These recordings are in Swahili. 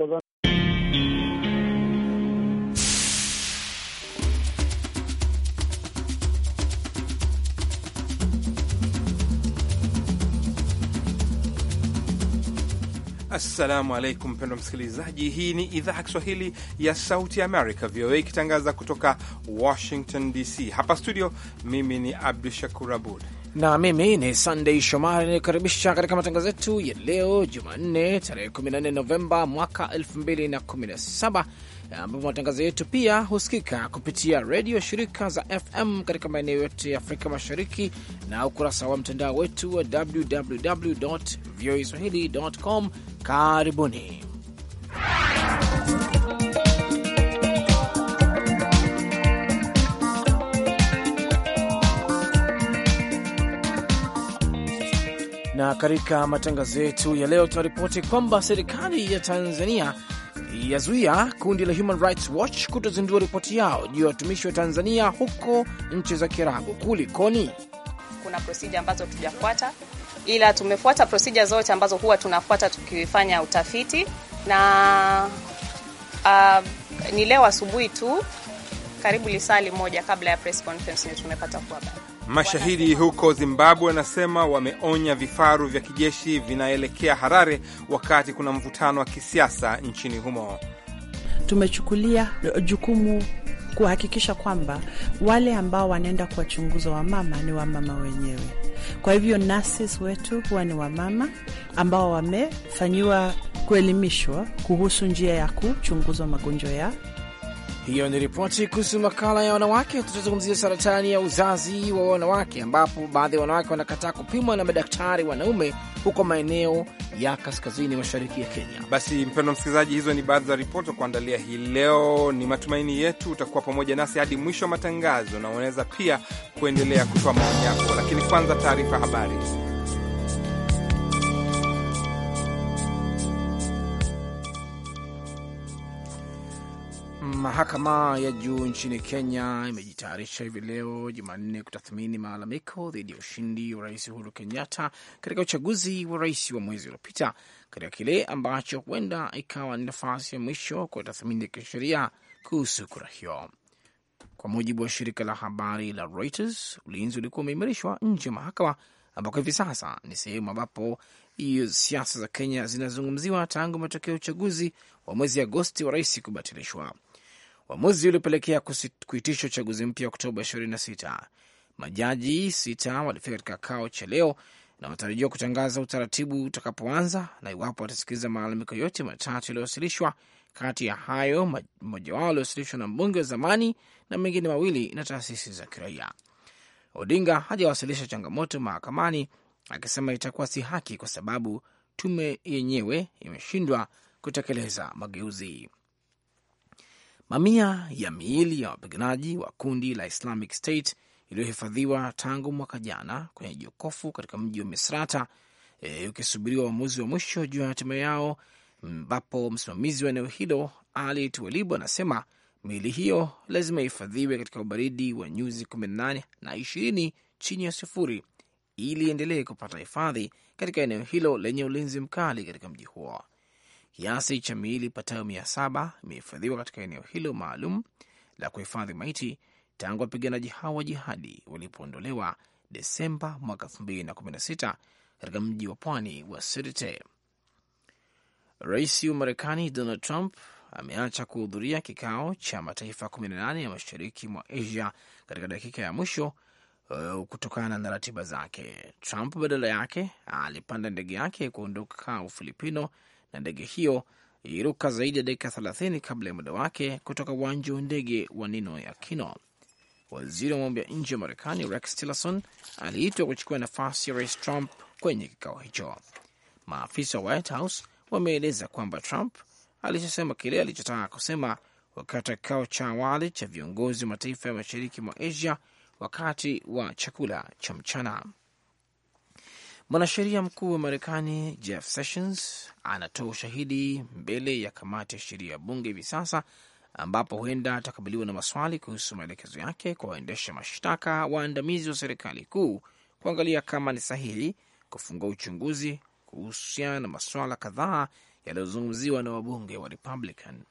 Assalamu alaikum, mpendwa msikilizaji. Hii ni idhaa ya Kiswahili ya Sauti Amerika, VOA, ikitangaza kutoka Washington DC. Hapa studio, mimi ni Abdu Shakur Abud na mimi ni Sunday Shomari nikukaribisha katika matangazo yetu ya leo Jumanne tarehe 14 Novemba mwaka 2017 ambapo matangazo yetu pia husikika kupitia redio shirika za FM katika maeneo yote ya Afrika Mashariki na ukurasa wa mtandao wetu wa www voa swahilicom com. Karibuni. na katika matangazo yetu ya leo tunaripoti kwamba serikali ya Tanzania yazuia kundi la Human Rights Watch kutozindua ripoti yao juu ya watumishi wa Tanzania huko nchi za Kiarabu. Kulikoni? Kuna prosija ambazo tujafuata, ila tumefuata prosija zote ambazo huwa tunafuata tukifanya utafiti na uh, ni leo asubuhi tu karibu lisali moja kabla ya press conference tumepata tumepata kuhabari Mashahidi huko Zimbabwe wanasema wameonya vifaru vya kijeshi vinaelekea Harare wakati kuna mvutano wa kisiasa nchini humo. Tumechukulia jukumu kuhakikisha kwamba wale ambao wanaenda kuwachunguza wamama ni wamama wenyewe. Kwa hivyo nurses wetu huwa ni wamama ambao wamefanyiwa kuelimishwa kuhusu njia ya kuchunguzwa magonjwa ya hiyo ni ripoti kuhusu makala ya wanawake. Tutazungumzia saratani ya uzazi wa wanawake, ambapo baadhi ya wanawake wanakataa kupimwa na madaktari wanaume huko maeneo ya kaskazini mashariki ya Kenya. Basi mpendwa msikilizaji, hizo ni baadhi za ripoti za kuandalia hii leo. Ni matumaini yetu utakuwa pamoja nasi hadi mwisho wa matangazo, na unaweza pia kuendelea kutoa maoni yako, lakini kwanza taarifa habari. Mahakama ya juu nchini Kenya imejitayarisha hivi leo Jumanne kutathmini malalamiko dhidi ya ushindi wa Rais Uhuru Kenyatta katika uchaguzi wa rais wa mwezi uliopita katika kile ambacho huenda ikawa ni nafasi ya mwisho kwa tathmini ya kisheria kuhusu kura hiyo. Kwa mujibu wa shirika la habari la Reuters, ulinzi ulikuwa umeimarishwa nje ya mahakama ambako hivi sasa ni sehemu ambapo siasa za Kenya zinazungumziwa tangu matokeo ya uchaguzi wa mwezi Agosti wa rais kubatilishwa. Uamuzi ulipelekea kuitisha uchaguzi mpya Oktoba 26. Majaji sita walifika katika kao cha leo na wanatarajiwa kutangaza utaratibu utakapoanza na iwapo watasikiliza malalamiko yote matatu yaliyowasilishwa. Kati ya hayo mmoja wao aliowasilishwa na mbunge wa zamani na mengine mawili na taasisi za kiraia. Odinga hajawasilisha changamoto mahakamani, akisema itakuwa si haki kwa sababu tume yenyewe imeshindwa kutekeleza mageuzi. Mamia ya miili ya wapiganaji wa kundi la Islamic State iliyohifadhiwa tangu mwaka jana kwenye jokofu katika mji wa Misrata e, ukisubiriwa uamuzi wa mwisho juu ya hatima yao, ambapo msimamizi wa eneo hilo Ali Tuwalibu anasema miili hiyo lazima ihifadhiwe katika ubaridi wa nyuzi 18 na 20 chini ya sufuri ili iendelee kupata hifadhi katika eneo hilo lenye ulinzi mkali katika mji huo. Kiasi cha miili ipatayo mia saba imehifadhiwa katika eneo hilo maalum la kuhifadhi maiti tangu wapiganaji hao wa jihadi walipoondolewa Desemba mwaka 2016 katika mji wa pwani wa Sirte. Rais wa Marekani Donald Trump ameacha kuhudhuria kikao cha mataifa 18 ya mashariki mwa Asia katika dakika ya mwisho uh, kutokana na ratiba zake. Trump badala yake alipanda ndege yake kuondoka Ufilipino na ndege hiyo iliruka zaidi ya dakika 30 kabla ya muda wake kutoka uwanja wa ndege wa Nino Aquino. Waziri wa mambo ya nje wa Marekani Rex Tillerson aliitwa kuchukua nafasi ya rais Trump kwenye kikao hicho. Maafisa wa White House wameeleza kwamba Trump alichosema kile alichotaka kusema wakati wa kikao cha awali cha viongozi wa mataifa ya mashariki mwa Asia wakati wa chakula cha mchana. Mwanasheria mkuu wa Marekani Jeff Sessions anatoa ushahidi mbele ya kamati ya sheria ya bunge hivi sasa, ambapo huenda atakabiliwa na maswali kuhusu maelekezo yake kwa waendesha mashtaka waandamizi wa serikali kuu kuangalia kama ni sahihi kufungua uchunguzi kuhusiana na maswala kadhaa yaliyozungumziwa na wabunge wa Republican.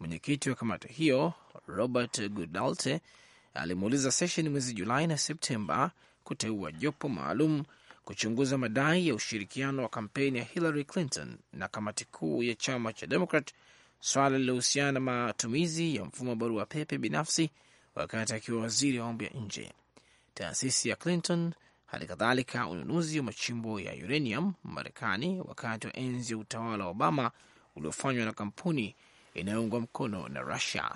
Mwenyekiti wa kamati hiyo Robert Gudalte alimuuliza Sessions mwezi Julai na Septemba kuteua jopo maalum kuchunguza madai ya ushirikiano wa kampeni ya Hillary Clinton na kamati kuu ya chama cha Demokrat, swala lilohusiana na matumizi ya mfumo wa barua pepe binafsi wakati akiwa waziri wa mambo ya nje. Taasisi ya Clinton hali kadhalika ununuzi wa machimbo ya uranium Marekani wakati wa enzi ya utawala wa Obama uliofanywa na kampuni inayoungwa mkono na Rusia.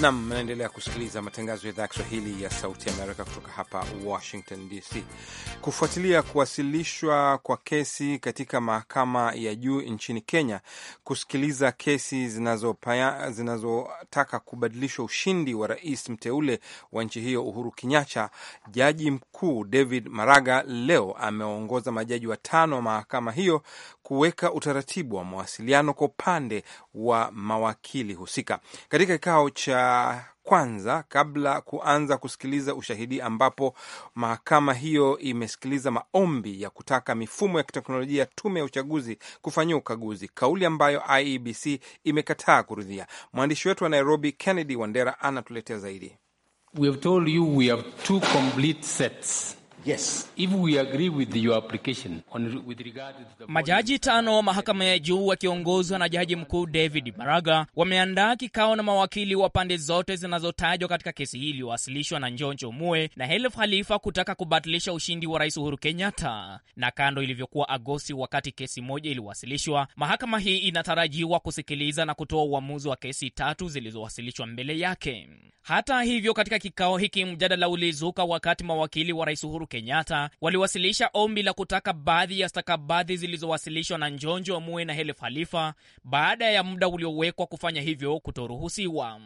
Nam, mnaendelea kusikiliza matangazo ya idhaa ya Kiswahili ya Sauti Amerika kutoka hapa Washington DC. Kufuatilia kuwasilishwa kwa kesi katika mahakama ya juu nchini Kenya kusikiliza kesi zinazotaka zinazo kubadilishwa ushindi wa rais mteule wa nchi hiyo Uhuru Kenyatta, jaji mkuu David Maraga leo ameongoza majaji watano wa mahakama hiyo kuweka utaratibu wa mawasiliano kwa upande wa mawakili husika katika kikao cha kwanza kabla kuanza kusikiliza ushahidi ambapo mahakama hiyo imesikiliza maombi ya kutaka mifumo ya kiteknolojia ya tume ya uchaguzi kufanyia ukaguzi, kauli ambayo IEBC imekataa kurudhia. Mwandishi wetu wa Nairobi, Kennedy Wandera, anatuletea zaidi. We have told you we have two complete sets. Yes. If we agree with your application on, with regard to the... Majaji tano wa mahakama ya juu wakiongozwa na Jaji Mkuu David Maraga wameandaa kikao na mawakili wa pande zote zinazotajwa katika kesi hii iliyowasilishwa na Njonjo Mue na Helef Khalifa kutaka kubatilisha ushindi wa Rais Uhuru Kenyatta. Na kando ilivyokuwa Agosti wakati kesi moja iliwasilishwa, mahakama hii inatarajiwa kusikiliza na kutoa uamuzi wa kesi tatu zilizowasilishwa mbele yake. Hata hivyo, katika kikao hiki mjadala ulizuka wakati mawakili wa Rais Uhuru Kenyatta waliwasilisha ombi la kutaka baadhi ya stakabadhi zilizowasilishwa na Njonjo Mue na Hele Khalifa baada ya muda uliowekwa kufanya hivyo kutoruhusiwa.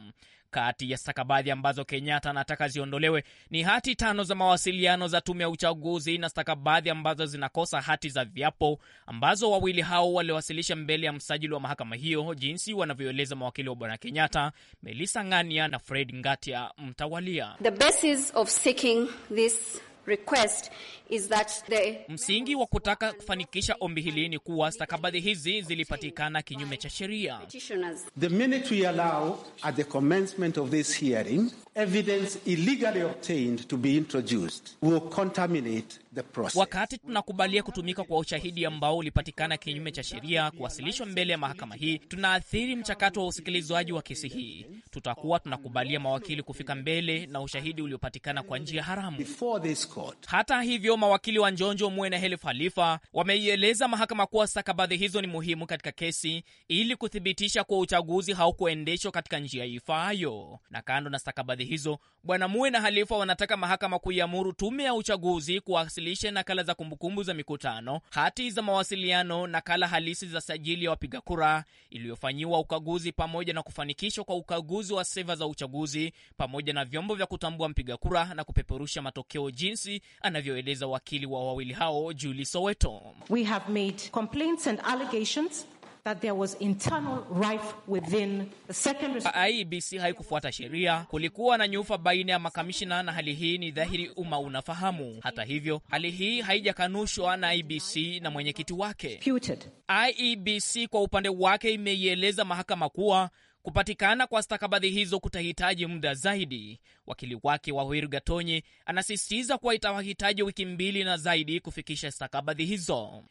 Kati ya stakabadhi ambazo Kenyatta anataka ziondolewe ni hati tano za mawasiliano za tume ya uchaguzi na stakabadhi ambazo zinakosa hati za viapo ambazo wawili hao waliwasilisha mbele ya msajili wa mahakama hiyo, jinsi wanavyoeleza mawakili wa bwana Kenyatta, Melissa Ngania na Fred Ngatia mtawalia. The basis of seeking this request is that the... Msingi wa kutaka kufanikisha ombi hili ni kuwa stakabadhi hizi zilipatikana kinyume cha sheria. The minute we allow at the commencement of this hearing evidence illegally obtained to be introduced will contaminate the process. Wakati tunakubalia kutumika kwa ushahidi ambao ulipatikana kinyume cha sheria kuwasilishwa mbele ya mahakama hii, tunaathiri mchakato wa usikilizwaji wa kesi hii. Tutakuwa tunakubalia mawakili kufika mbele na ushahidi uliopatikana kwa njia haramu. Before this Court. Hata hivyo, mawakili wa Njonjo Mwe na Helif Halifa wameieleza mahakama kuwa stakabadhi hizo ni muhimu katika kesi ili kuthibitisha kuwa uchaguzi haukuendeshwa katika njia ifaayo. Na kando na stakabadhi hizo, Bwana Mue na Halifa wanataka mahakama kuiamuru tume ya uchaguzi kuwasilisha nakala za kumbukumbu za mikutano, hati za mawasiliano, nakala halisi za sajili ya wapiga kura iliyofanyiwa ukaguzi, pamoja na kufanikishwa kwa ukaguzi wa seva za uchaguzi, pamoja na vyombo vya kutambua mpiga kura na kupeperusha matokeo jinsi jinsi anavyoeleza wakili wa wawili hao juli Soweto. We have made complaints and allegations That there was internal rife within the haikufuata sheria, kulikuwa na nyufa baina ya makamishina, na hali hii ni dhahiri umma unafahamu. Hata hivyo, hali hii haijakanushwa na IBC na mwenyekiti wake IEBC e kwa upande wake imeieleza mahakama kuwa Kupatikana kwa stakabadhi hizo kutahitaji muda zaidi. Wakili wake Wahwiri Gatonyi anasisitiza kuwa itawahitaji wiki mbili na zaidi kufikisha stakabadhi hizo.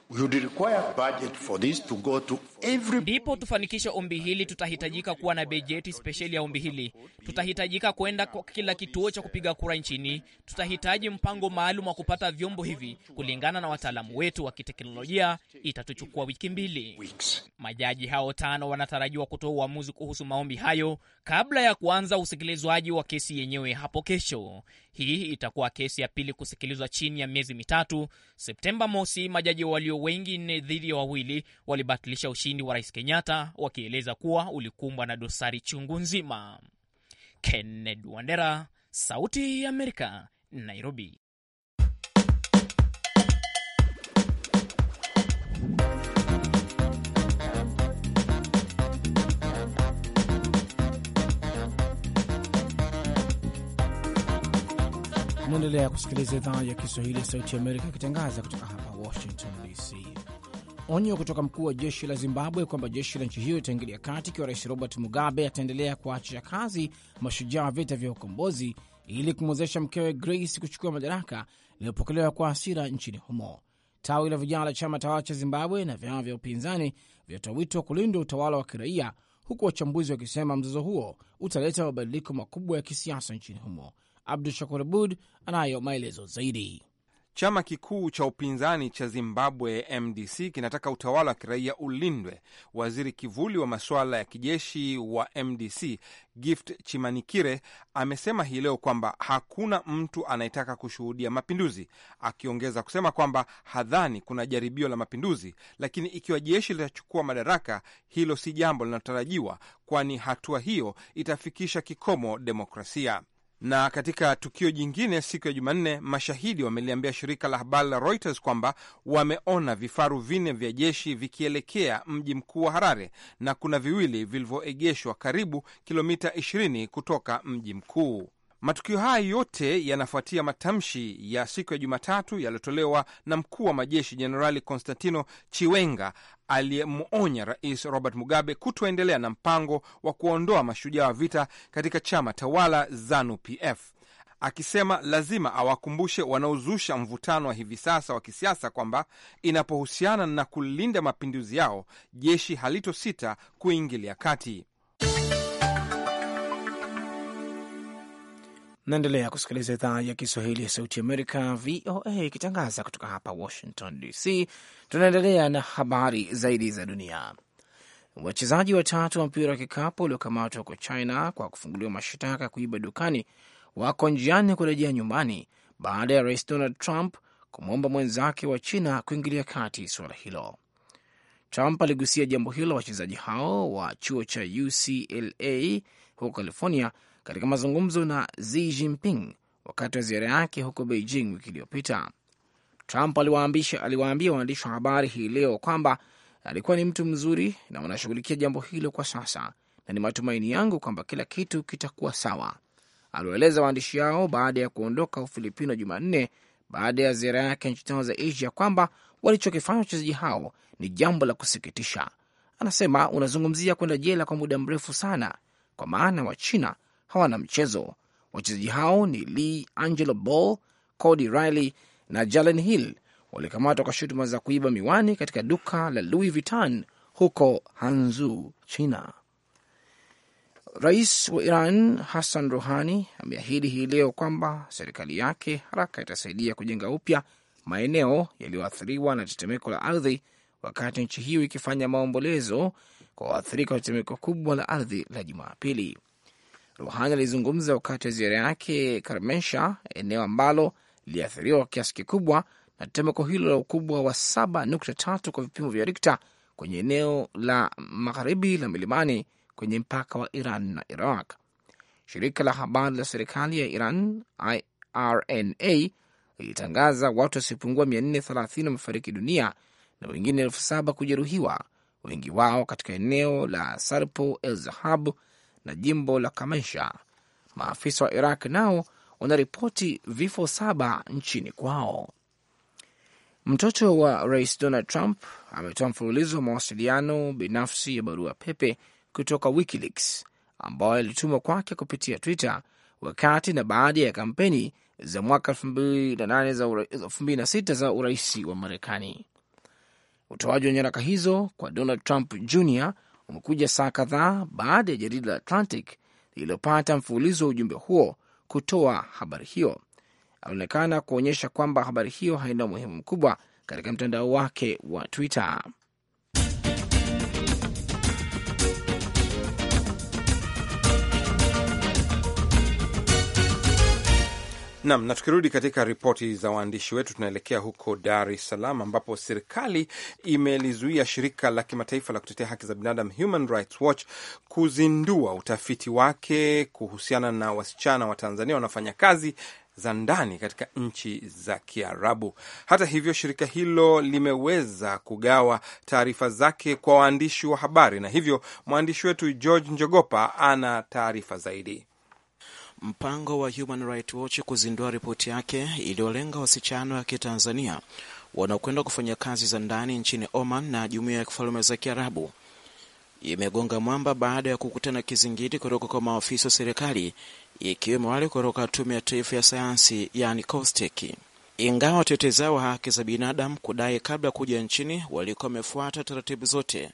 Ndipo tufanikishe ombi hili, tutahitajika kuwa na bejeti spesheli ya ombi hili. Tutahitajika kwenda kwa kila kituo cha kupiga kura nchini. Tutahitaji mpango maalum wa kupata vyombo hivi. Kulingana na wataalamu wetu wa kiteknolojia, itatuchukua wiki mbili. Majaji hao tano wanatarajiwa kutoa uamuzi kuhusu kuhusu maombi hayo kabla ya kuanza usikilizwaji wa kesi yenyewe hapo kesho. Hii itakuwa kesi ya pili kusikilizwa chini ya miezi mitatu. Septemba mosi, majaji walio wengi nne dhidi ya wawili walibatilisha ushindi wa rais Kenyatta wakieleza kuwa ulikumbwa na dosari chungu nzima. Kenneth Wandera, Sauti ya Amerika, Nairobi. Unaendelea kusikiliza idhaa ya Kiswahili ya Sauti Amerika ikitangaza kutoka hapa Washington DC. Onyo kutoka mkuu wa jeshi la Zimbabwe kwamba jeshi la nchi hiyo itaingilia kati ikiwa Rais Robert Mugabe ataendelea kuachisha kazi mashujaa wa vita vya ukombozi ili kumwezesha mkewe Grace kuchukua madaraka, iliyopokelewa kwa hasira nchini humo. Tawi la vijana la chama tawala cha Zimbabwe na vyama vya upinzani vinatoa wito wa kulindwa utawala wa kiraia, huku wachambuzi wakisema mzozo huo utaleta mabadiliko makubwa ya kisiasa nchini humo. Abdu Shakur Abud anayo maelezo zaidi. Chama kikuu cha upinzani cha Zimbabwe MDC kinataka utawala wa kiraia ulindwe. Waziri kivuli wa masuala ya kijeshi wa MDC Gift Chimanikire amesema hii leo kwamba hakuna mtu anayetaka kushuhudia mapinduzi, akiongeza kusema kwamba hadhani kuna jaribio la mapinduzi, lakini ikiwa jeshi litachukua madaraka, hilo si jambo linalotarajiwa, kwani hatua hiyo itafikisha kikomo demokrasia. Na katika tukio jingine, siku ya Jumanne, mashahidi wameliambia shirika la habari la Reuters kwamba wameona vifaru vinne vya jeshi vikielekea mji mkuu wa Harare na kuna viwili vilivyoegeshwa karibu kilomita 20 kutoka mji mkuu. Matukio haya yote yanafuatia matamshi ya siku ya Jumatatu yaliyotolewa na mkuu wa majeshi Jenerali Konstantino Chiwenga aliyemwonya Rais Robert Mugabe kutoendelea na mpango wa kuondoa mashujaa wa vita katika chama tawala ZANU-PF, akisema lazima awakumbushe wanaozusha mvutano wa hivi sasa wa kisiasa kwamba inapohusiana na kulinda mapinduzi yao, jeshi halitosita kuingilia kati. Naendelea kusikiliza idhaa ya Kiswahili ya Sauti Amerika, VOA, ikitangaza kutoka hapa Washington DC. Tunaendelea na habari zaidi za dunia. Wachezaji watatu wa mpira wa kikapu waliokamatwa huko China kwa kufunguliwa mashtaka ya kuiba dukani wako njiani kurejea nyumbani baada ya Rais Donald Trump kumwomba mwenzake wa China kuingilia kati suala hilo. Trump aligusia jambo hilo wachezaji hao wa chuo cha UCLA huko California katika mazungumzo na Xi Jinping wakati wa ziara yake huko Beijing wiki iliyopita. Trump aliwaambia waandishi wa habari hii leo kwamba alikuwa ni mtu mzuri na wanashughulikia jambo hilo kwa sasa, na ni matumaini yangu kwamba kila kitu kitakuwa sawa, aliwaeleza waandishi hao baada ya kuondoka Ufilipino Jumanne baada ya ziara yake nchi tano za Asia kwamba walichokifanya wachezaji hao ni jambo la kusikitisha. Anasema unazungumzia kwenda jela kwa muda mrefu sana, kwa maana wa China hawana mchezo. Wachezaji hao ni Lee Angelo Ball, Cody Riley na Jalen Hill walikamatwa kwa shutuma za kuiba miwani katika duka la Louis Vuitton huko Hanzu, China. Rais wa Iran Hassan Rouhani ameahidi hii leo kwamba serikali yake haraka itasaidia kujenga upya maeneo yaliyoathiriwa na tetemeko la ardhi, wakati nchi hiyo ikifanya maombolezo kwa waathirika wa tetemeko kubwa la ardhi la Jumapili. Ruhani alizungumza wakati wa ziara yake Karmensha, eneo ambalo liliathiriwa kwa kiasi kikubwa na tetemeko hilo la ukubwa wa 7.3 kwa vipimo vya Rikta kwenye eneo la magharibi la milimani kwenye mpaka wa Iran na Iraq. Shirika la habari la serikali ya Iran IRNA lilitangaza watu wasiopungua 430 wamefariki dunia na wengine elfu saba kujeruhiwa, wengi wao katika eneo la Sarpo El Zahab na jimbo la kamesha Maafisa wa Iraq nao wanaripoti vifo saba nchini kwao. Mtoto wa rais Donald Trump ametoa mfululizo wa mawasiliano binafsi ya barua pepe kutoka WikiLeaks ambayo alitumwa kwake kupitia Twitter wakati na baada ya kampeni za mwaka 2006 za urais wa Marekani. Utoaji wa nyaraka hizo kwa Donald Trump Jr umekuja saa kadhaa baada ya jarida la Atlantic lililopata mfululizo wa ujumbe huo kutoa habari hiyo. Alionekana kuonyesha kwamba habari hiyo haina umuhimu mkubwa katika mtandao wake wa Twitter. Nam, na tukirudi katika ripoti za waandishi wetu, tunaelekea huko Dar es Salaam ambapo serikali imelizuia shirika la kimataifa la kutetea haki za binadamu Human Rights Watch kuzindua utafiti wake kuhusiana na wasichana wa Tanzania wanafanya kazi za ndani katika nchi za Kiarabu. Hata hivyo, shirika hilo limeweza kugawa taarifa zake kwa waandishi wa habari, na hivyo mwandishi wetu George Njogopa ana taarifa zaidi. Mpango wa Human Rights Watch kuzindua ripoti yake iliyolenga wasichana wa Kitanzania wanaokwenda kufanya kazi za ndani nchini Oman na Jumuiya ya Falme za Kiarabu imegonga mwamba baada ya kukutana kizingiti kutoka kwa maafisa wa serikali ikiwemo wale kutoka Tume ya Taifa ya Sayansi yani COSTECH. Ingawa watetezi wa haki za binadamu kudai kabla ya kuja nchini walikuwa wamefuata taratibu zote,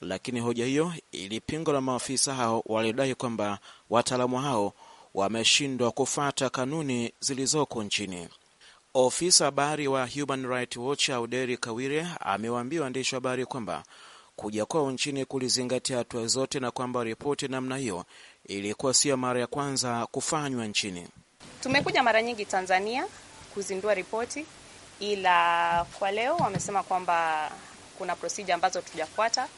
lakini hoja hiyo ilipingwa na maafisa hao waliodai kwamba wataalamu hao wameshindwa kufuata kanuni zilizoko nchini. Ofisa habari wa Human Rights Watch Auderi Kawire amewaambia waandishi wa habari kwamba kuja kwao nchini kulizingatia hatua zote na kwamba ripoti namna hiyo ilikuwa sio mara ya kwanza kufanywa nchini. Tumekuja mara nyingi Tanzania kuzindua ripoti, ila kwa leo wamesema kwamba kuna prosija ambazo tujafuata,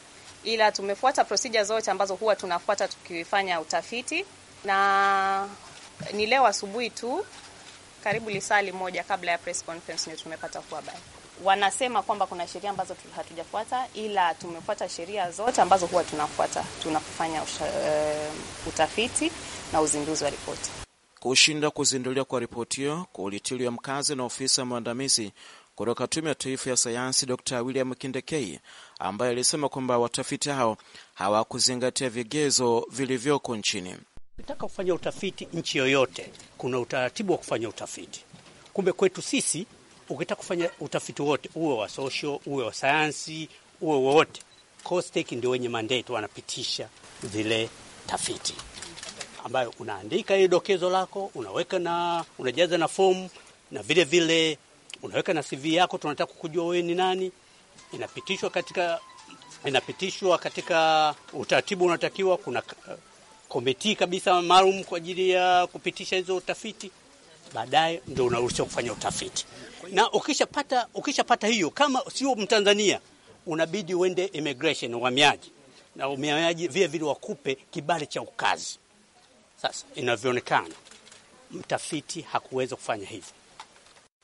ila tumefuata prosija zote ambazo huwa tunafuata tukifanya utafiti na ni leo asubuhi tu karibu lisali moja kabla ya press conference ndio tumepata kuwa Wanasema kwamba kuna sheria ambazo hatujafuata, ila tumefuata sheria zote ambazo huwa tunafuata tunapofanya uh, eh, utafiti na uzinduzi wa ripoti. Kushindwa kuzinduliwa kwa ripoti hiyo kulitiliwa mkazi na ofisa mwandamizi kutoka Tume ya Taifa ya Sayansi, Dr William Kindekei, ambaye alisema kwamba watafiti hao hawakuzingatia vigezo vilivyoko nchini. Nataka kufanya utafiti nchi yoyote, kuna utaratibu wa kufanya utafiti. Kumbe kwetu sisi, ukitaka kufanya utafiti wote, uwe wa social, uwe wa sayansi, uwe wowote, COSTECH ndio wenye mandate, wanapitisha zile tafiti ambayo unaandika ile dokezo lako, unaweka na unajaza na fomu, na vile vile unaweka na CV yako, tunataka kujua wewe ni nani. Inapitishwa katika inapitishwa katika utaratibu unatakiwa, kuna komiti kabisa maalum kwa ajili ya kupitisha hizo utafiti, baadaye ndio unaruhusiwa kufanya utafiti. Na ukishapata ukishapata hiyo, kama sio Mtanzania unabidi uende immigration, uhamiaji, na uhamiaji vile vile wakupe kibali cha ukazi. Sasa inavyoonekana mtafiti hakuweza kufanya hivyo.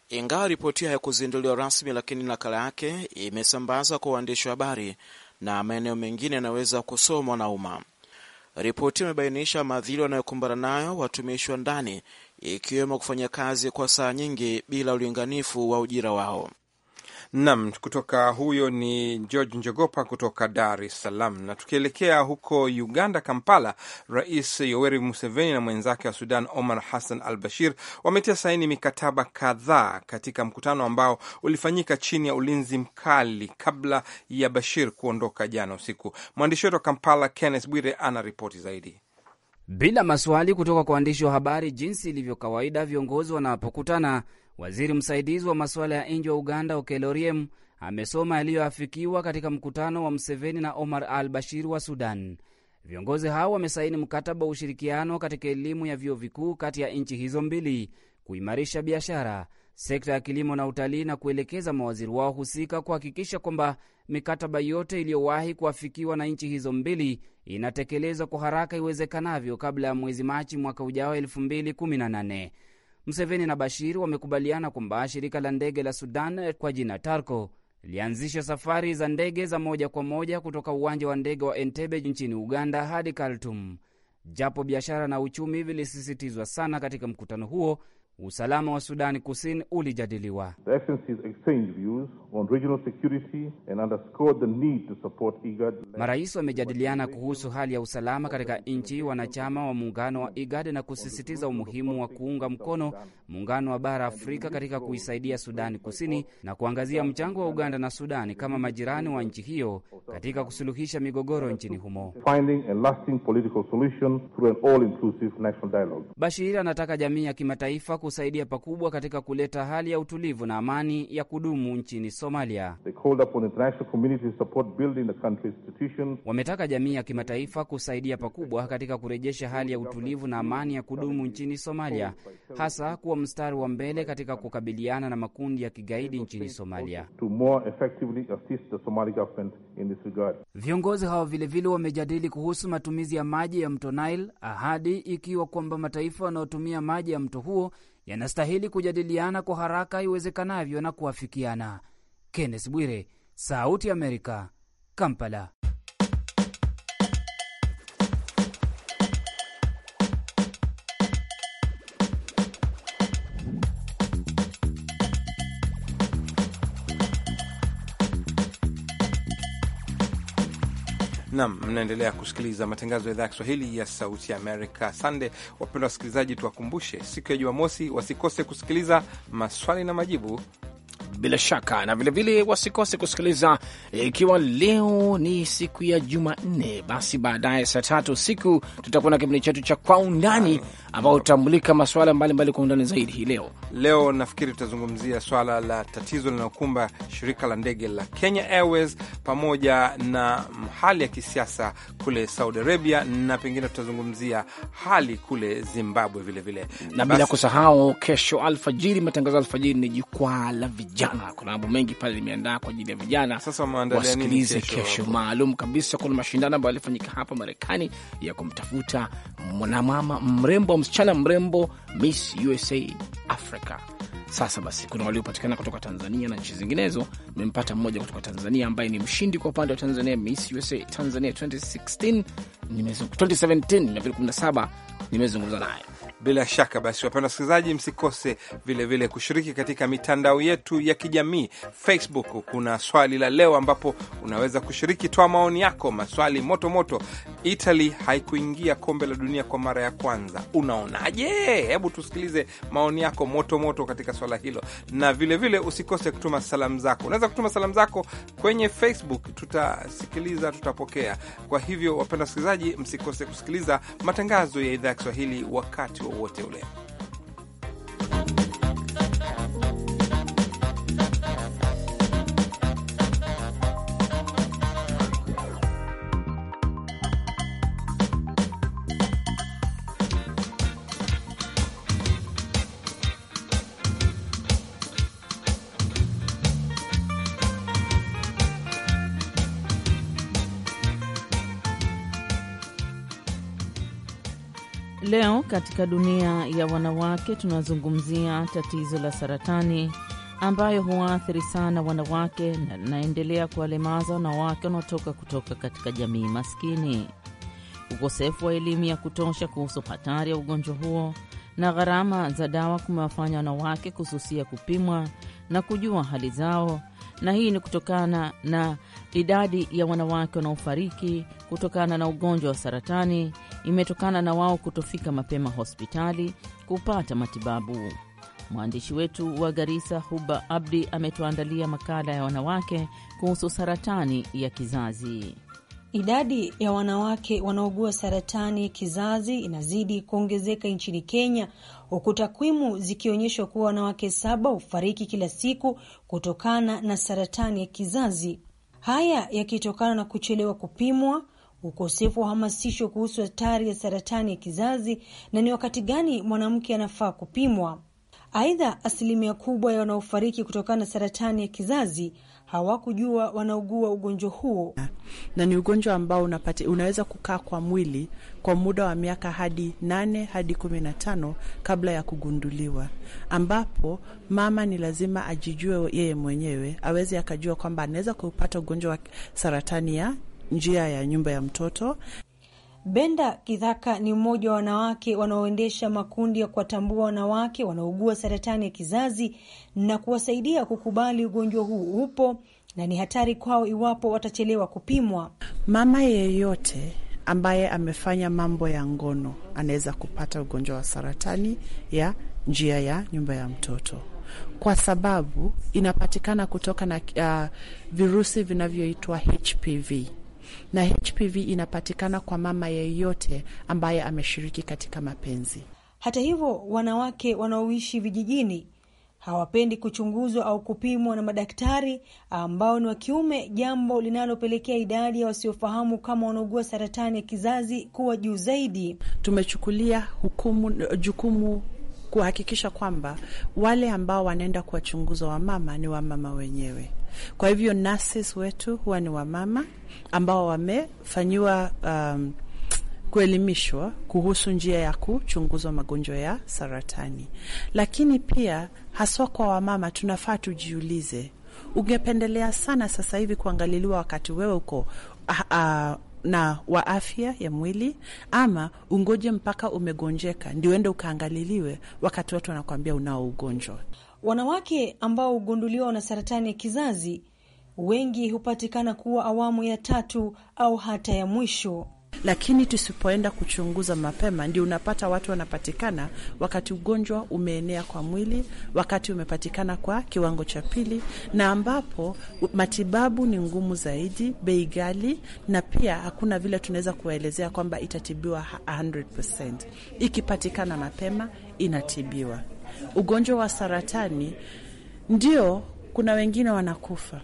Ingawa ripoti hiyo rasmi, lakini nakala yake imesambazwa kwa waandishi wa habari na maeneo mengine yanaweza kusomwa na umma. Ripoti imebainisha maadhili wanayokumbana nayo watumishi wa ndani, ikiwemo kufanya kazi kwa saa nyingi bila ulinganifu wa ujira wao. Nam, kutoka huyo ni George Njogopa kutoka Dar es Salaam. Na tukielekea huko Uganda, Kampala, Rais Yoweri Museveni na mwenzake wa Sudan Omar Hassan al Bashir wametia saini mikataba kadhaa katika mkutano ambao ulifanyika chini ya ulinzi mkali kabla ya Bashir kuondoka jana usiku. Mwandishi wetu wa Kampala Kenneth Bwire ana ripoti zaidi. Bila maswali kutoka kwa waandishi wa habari, jinsi ilivyo kawaida, viongozi wanapokutana Waziri msaidizi wa masuala ya nje wa Uganda, okeloriem amesoma yaliyoafikiwa katika mkutano wa Mseveni na Omar al Bashir wa Sudan. Viongozi hao wamesaini mkataba wa ushirikiano katika elimu ya vyuo vikuu kati ya nchi hizo mbili, kuimarisha biashara, sekta ya kilimo na utalii, na kuelekeza mawaziri wao husika kuhakikisha kwamba mikataba yote iliyowahi kuafikiwa na nchi hizo mbili inatekelezwa kwa haraka iwezekanavyo kabla ya mwezi Machi mwaka ujao 2018. Museveni na Bashir wamekubaliana kwamba shirika la ndege la Sudan kwa jina Tarco lianzisha safari za ndege za moja kwa moja kutoka uwanja wa ndege wa Entebbe nchini Uganda hadi Khartoum. Japo biashara na uchumi vilisisitizwa sana katika mkutano huo, Usalama wa Sudani Kusini ulijadiliwa. Marais wamejadiliana kuhusu hali ya usalama katika nchi wanachama wa muungano wa IGAD na kusisitiza umuhimu wa kuunga mkono muungano wa bara Afrika katika kuisaidia Sudani Kusini na kuangazia mchango wa Uganda na Sudani kama majirani wa nchi hiyo katika kusuluhisha migogoro nchini humo. Bashir anataka jamii ya kimataifa kusaidia pakubwa katika kuleta hali ya utulivu na amani ya kudumu nchini Somalia. Wametaka jamii ya kimataifa kusaidia pakubwa katika kurejesha hali ya utulivu na amani ya kudumu nchini Somalia, hasa kuwa mstari wa mbele katika kukabiliana na makundi ya kigaidi nchini Somalia. Viongozi hao vilevile wamejadili kuhusu matumizi ya maji ya mto Nile, ahadi ikiwa kwamba mataifa wanaotumia maji ya mto huo yanastahili kujadiliana kwa haraka iwezekanavyo na kuafikiana. Kenneth Bwire, Sauti ya Amerika, Kampala. Nam, mnaendelea kusikiliza matangazo ya idhaa ya Kiswahili ya Sauti ya Amerika. Sande wapendwa wasikilizaji, tuwakumbushe siku ya Jumamosi wasikose kusikiliza maswali na majibu bila shaka, na vilevile wasikose kusikiliza, eh, ikiwa leo ni siku ya Jumanne, basi baadaye saa tatu usiku tutakuwa na kipindi chetu cha Kwa Undani, ambao utamulika masuala mbalimbali kwa undani zaidi. Hii leo leo nafikiri tutazungumzia swala la tatizo linalokumba shirika la ndege la Kenya Airways pamoja na hali ya kisiasa kule Saudi Arabia, na pengine tutazungumzia hali kule Zimbabwe vilevile vile. na bila kusahau kesho alfajiri, matangazo alfajiri ni jukwaa la vijana vijana. Kuna mambo mengi pale limeandaa kwa ajili ya vijana, wasikilize kesho maalum kabisa. Kuna mashindano ambayo yalifanyika hapa Marekani ya kumtafuta mwanamama mrembo, msichana mrembo Miss USA Africa. Sasa basi, kuna waliopatikana kutoka Tanzania na nchi zinginezo. mempata mmoja kutoka Tanzania ambaye ni mshindi kwa upande wa Tanzania, Miss USA Tanzania 2016 2017 nimezungumza naye bila shaka basi, wapenda wasikilizaji, msikose vilevile vile kushiriki katika mitandao yetu ya kijamii. Facebook kuna swali la leo, ambapo unaweza kushiriki, toa maoni yako, maswali moto moto. Italy haikuingia kombe la dunia kwa mara ya kwanza, unaonaje? Hebu tusikilize maoni yako moto moto katika swala hilo, na vilevile vile usikose kutuma salamu zako. Unaweza kutuma salamu zako kwenye Facebook, tutasikiliza, tutapokea. Kwa hivyo, wapenda wasikilizaji, msikose kusikiliza matangazo ya idhaa ya Kiswahili wakati mzigo wowote ule. katika dunia ya wanawake tunazungumzia tatizo la saratani ambayo huwaathiri sana wanawake na linaendelea kuwalemaza wanawake wanaotoka kutoka katika jamii maskini. Ukosefu wa elimu ya kutosha kuhusu hatari ya ugonjwa huo na gharama za dawa kumewafanya wanawake kususia kupimwa na kujua hali zao, na hii ni kutokana na idadi ya wanawake wanaofariki kutokana na ugonjwa wa saratani imetokana na wao kutofika mapema hospitali kupata matibabu. Mwandishi wetu wa Garissa, Huba Abdi, ametuandalia makala ya wanawake kuhusu saratani ya kizazi. Idadi ya wanawake wanaogua saratani ya kizazi inazidi kuongezeka nchini Kenya, huku takwimu zikionyeshwa kuwa wanawake saba hufariki kila siku kutokana na saratani ya kizazi, haya yakitokana na kuchelewa kupimwa ukosefu wa hamasisho kuhusu hatari ya saratani ya kizazi na ni wakati gani mwanamke anafaa kupimwa. Aidha, asilimia kubwa ya wanaofariki kutokana na saratani ya kizazi hawakujua wanaugua ugonjwa huo, na ni ugonjwa ambao unapati, unaweza kukaa kwa mwili kwa muda wa miaka hadi nane hadi kumi na tano kabla ya kugunduliwa, ambapo mama ni lazima ajijue yeye mwenyewe aweze akajua kwamba anaweza kupata ugonjwa wa saratani ya njia ya nyumba ya mtoto. Benda Kidhaka ni mmoja wa wanawake wanaoendesha makundi ya kuwatambua wanawake wanaougua saratani ya kizazi na kuwasaidia kukubali ugonjwa huu upo na ni hatari kwao iwapo watachelewa kupimwa. Mama yeyote ambaye amefanya mambo ya ngono anaweza kupata ugonjwa wa saratani ya njia ya nyumba ya mtoto kwa sababu inapatikana kutoka na uh, virusi vinavyoitwa HPV na HPV inapatikana kwa mama yeyote ambaye ameshiriki katika mapenzi. Hata hivyo, wanawake wanaoishi vijijini hawapendi kuchunguzwa au kupimwa na madaktari ambao ni wa kiume, jambo linalopelekea idadi ya wasiofahamu kama wanaugua saratani ya kizazi kuwa juu zaidi. Tumechukulia hukumu, jukumu kuhakikisha kwamba wale ambao wanaenda kuwachunguza wamama ni wamama wenyewe. Kwa hivyo nurses wetu huwa ni wamama ambao wamefanyiwa um, kuelimishwa kuhusu njia ya kuchunguzwa magonjwa ya saratani. Lakini pia haswa kwa wamama, tunafaa tujiulize, ungependelea sana sasa hivi kuangaliliwa wakati wewe uko ah, ah, na wa afya ya mwili ama ungoje mpaka umegonjeka ndio ukaangaliliwe wakati watu wanakuambia unao ugonjwa? Wanawake ambao hugunduliwa na saratani ya kizazi wengi hupatikana kuwa awamu ya tatu au hata ya mwisho, lakini tusipoenda kuchunguza mapema, ndio unapata watu wanapatikana wakati ugonjwa umeenea kwa mwili, wakati umepatikana kwa kiwango cha pili, na ambapo matibabu ni ngumu zaidi, bei ghali, na pia hakuna vile tunaweza kuwaelezea kwamba itatibiwa 100%. Ikipatikana mapema inatibiwa ugonjwa wa saratani, ndio kuna wengine wanakufa,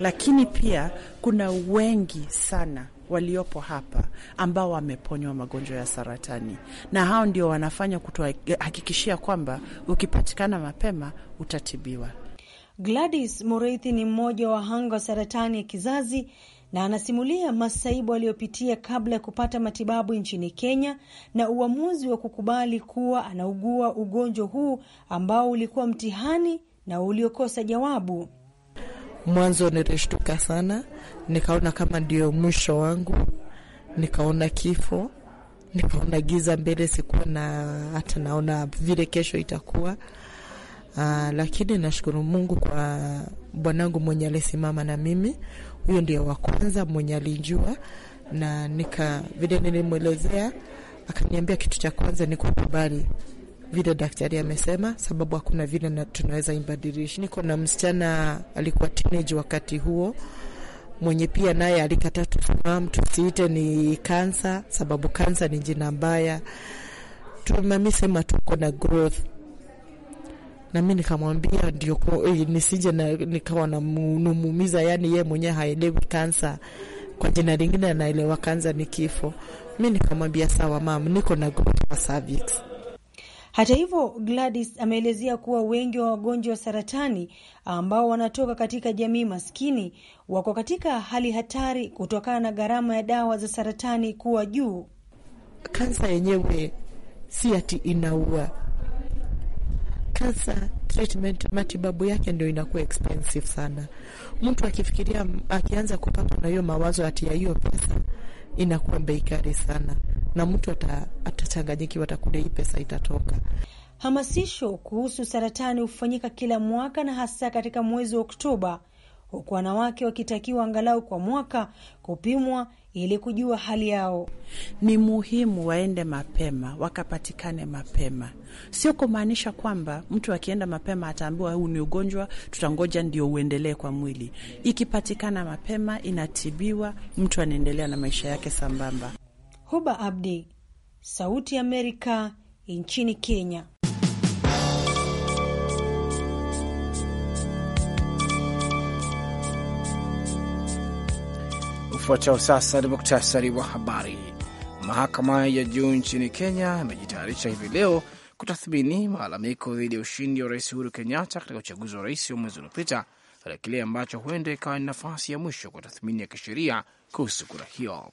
lakini pia kuna wengi sana waliopo hapa ambao wameponywa magonjwa ya saratani, na hao ndio wanafanya kutuhakikishia kwamba ukipatikana mapema utatibiwa. Gladys moreithi ni mmoja wa hanga wa saratani ya kizazi na anasimulia masaibu aliyopitia kabla ya kupata matibabu nchini Kenya na uamuzi wa kukubali kuwa anaugua ugonjwa huu ambao ulikuwa mtihani na uliokosa jawabu. Mwanzo nilishtuka sana, nikaona kama ndio mwisho wangu, nikaona kifo, nikaona giza mbele, sikuwa na hata naona vile kesho itakuwa. Aa, ah, lakini nashukuru Mungu kwa bwanangu mwenye alisimama na mimi huyo ndio wa kwanza mwenye alinjua, na nika vile nilimwelezea, akaniambia kitu cha kwanza ni kukubali vile daktari amesema, sababu hakuna vile na tunaweza ibadilisha. Niko na msichana alikuwa teenage wakati huo mwenye pia naye alikata tufahamu tusiite ni kansa, sababu kansa ni jina mbaya. Tumamisema tuko na growth na mi nikamwambia ndio eh, nisije na, nikawa namuumiza, yani ye mwenyewe haelewi kansa kwa jina lingine anaelewa kansa ni kifo. Mi nikamwambia sawa mam, niko na gopa cervix. Hata hivyo, Gladys ameelezea kuwa wengi wa wagonjwa wa saratani ambao wanatoka katika jamii maskini wako katika hali hatari kutokana na gharama ya dawa za saratani kuwa juu. Kansa yenyewe si ati inaua Kansa treatment, matibabu yake ndio inakuwa expensive sana. Mtu akifikiria akianza kupata na hiyo mawazo ati ya hiyo pesa inakuwa bei kali sana, na mtu atachanganyikiwa, atakuda hii pesa itatoka. Hamasisho kuhusu saratani hufanyika kila mwaka na hasa katika mwezi wa Oktoba, huku wanawake wakitakiwa angalau kwa mwaka kupimwa ili kujua hali yao. Ni muhimu waende mapema, wakapatikane mapema. Sio kumaanisha kwamba mtu akienda mapema ataambiwa huu ni ugonjwa, tutangoja ndio uendelee kwa mwili. Ikipatikana mapema, inatibiwa, mtu anaendelea na maisha yake sambamba. Huba Abdi, Sauti ya Amerika, nchini Kenya. Ufuatao sasa ni muktasari wa habari. Mahakama ya juu nchini Kenya imejitayarisha hivi leo kutathmini malalamiko dhidi ya ushindi wa Rais Uhuru Kenyatta katika uchaguzi wa rais wa mwezi uliopita katika kile ambacho huenda ikawa ni nafasi ya mwisho kwa tathmini ya kisheria kuhusu kura hiyo.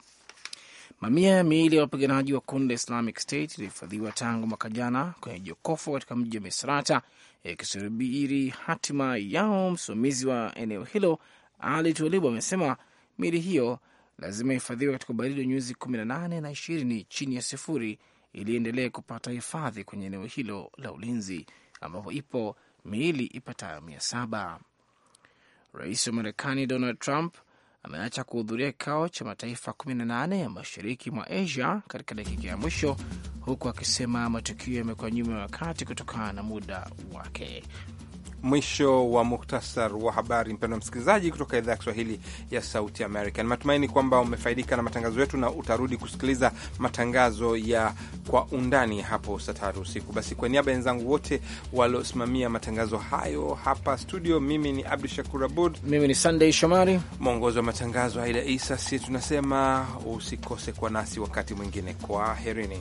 Mamia ya miili ya wapiganaji wa kundi la Islamic State ilihifadhiwa tangu mwaka jana kwenye jokofu katika mji wa Misrata yakisubiri hatima yao. Msimamizi wa eneo hilo Ali Twalibu amesema miili hiyo lazima ihifadhiwe katika ubaridi wa nyuzi 18 na 20 chini ya sifuri ili endelee kupata hifadhi kwenye eneo hilo la ulinzi ambapo ipo miili ipatayo mia saba. Rais wa Marekani Donald Trump ameacha kuhudhuria kikao cha mataifa 18 ya mashariki mwa Asia katika dakika ya mwisho, huku akisema matukio yamekuwa nyuma ya wakati kutokana na muda wake. Mwisho wa muhtasar wa habari, mpendwa msikilizaji, kutoka idhaa ya Kiswahili ya Sauti Amerika. Ni matumaini kwamba umefaidika na matangazo yetu na utarudi kusikiliza matangazo ya Kwa Undani hapo saa tatu usiku. Basi kwa niaba ya wenzangu wote waliosimamia matangazo hayo hapa studio, mimi ni Abdu Shakur Abud, mimi ni Sandey Shomari, mwongozi wa matangazo Aida Isa. Si tunasema usikose kwa nasi wakati mwingine. Kwaherini.